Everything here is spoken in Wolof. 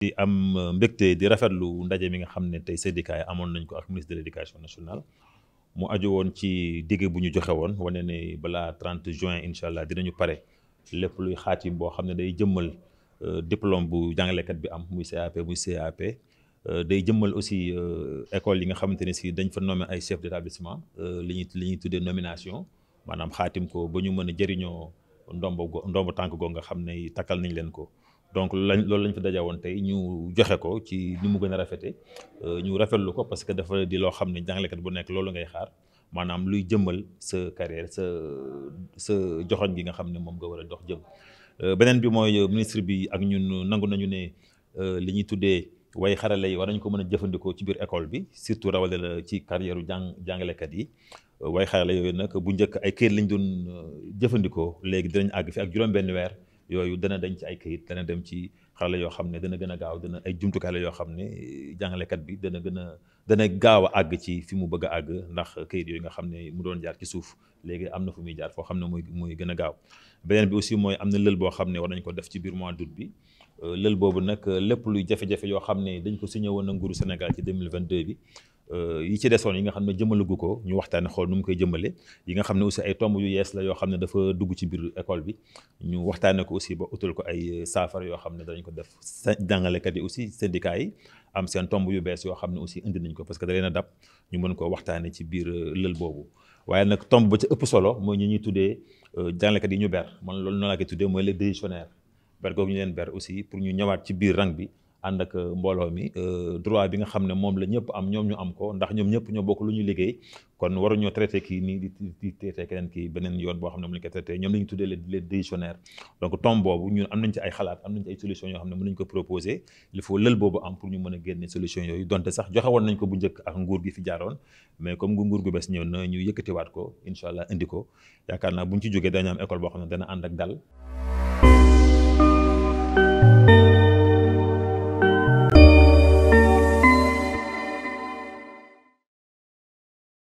di am euh, mbégte di rafetlu ndaje mi nga xam ne tey syndicat yi amoon nañ ko ak ministre de l' éducation nationale mu aju woon ci digg bu ñu joxe woon wane ne balaa trente juin incha allah dinañu pare lépp luy xaatim boo xam ne day jëmmal euh, diplôme bu jàngalekat bi am muy CAP muy CAP euh, day jëmmal aussi école yi nga xamante ne si dañ fa nommé ay chef d' li ñuy li ñuy tuddee nomination maanaam xaatim ko ba ñu mën a jëriñoo ndombo go ndombo tànk goo nga xam ne takkal nañ leen ko donc lañ loolu lañ fi daja woon tey ñu joxe ko ci ni mu gën a rafete euh, ñu rafetlu ko parce que dafa di loo xam ne jàngalekat bu nekk loolu ngay xaar maanaam luy jëmal sa carrière sa sa joxoñ gi nga xam ne moom nga war a dox jëm euh, beneen bi mooy euh, ministre bi ak ñun nangu nañu ne li ñuy tuddee way xarale yi war nañ ko mën a jëfandikoo ci biir école bi surtout rawale la ci carrière jàng jàngalekat yi way xarale yooyu nag bu njëkk ay kër lañ doon jëfandikoo léegi dinañ àgg fi ak juróom yooyu dana dañ ci ay kayit dana dem ci xarala yoo xam ne dana gën a gaaw dana ay jumtukaay la yoo xam ne jàngalekat bi dana gën a dana gaaw a àgg ci fi mu bëgg àgg ndax kayit yooyu nga xam ne mu doon jaar ci suuf léegi am na fu muy jaar foo xam ne muy muy gën a gaaw beneen bi aussi mooy am na lël boo xam ne war nañ ko def ci biir mois d'août bi euh, lël boobu nag lépp luy jafe-jafe yoo xam ne dañ ko signé woon na nguuru Sénégal ci 2022 bi yi ci desoon yi nga xam ne jëmalagu ko ñu waxtaane xool nu mu koy jëmale yi nga xam ne aussi ay tomb yu yees la yoo xam ne dafa dugg ci biir école bi ñu waxtaane ko aussi ba utal ko ay saafara yoo xam ne danañ ko def jàngalekat yi aussi syndicat yi am seen yu bees yoo xam ne aussi indi nañ ko parce que da leen a dab ñu mën koo waxtaane ci biir euh, lël boobu waaye nag tomb ba ci ëpp solo mooy ñu ñuy tuddee euh, jàngalekat yi ñu ber man loolu noonu laa koy tuddee mooy les décisionnaires ber googu ñu leen ber aussi pour ñu ñëwaat ci biir rang bi ànd ak mbooloo mi euh, droit bi nga xam ne moom la ñëpp am ñoom ñu am ko ndax ñoom ñëpp ñoo bokk lu ñu liggéey kon waruñoo traité kii nii di di keneen kii beneen yoon boo xam ne mu lañ ko traité ñoom la ñu tuddee les nañ ko proposer yooyu donte sax joxe woon nañ ko bu njëkk ak nguur gi fi jaaroon mais comme nguur gu bees ñëw na ñu yëkkatiwaat ko incha allah indi ko yaakaar naa buñ ci jógee dañu am école boo xam ne dana ànd ak dal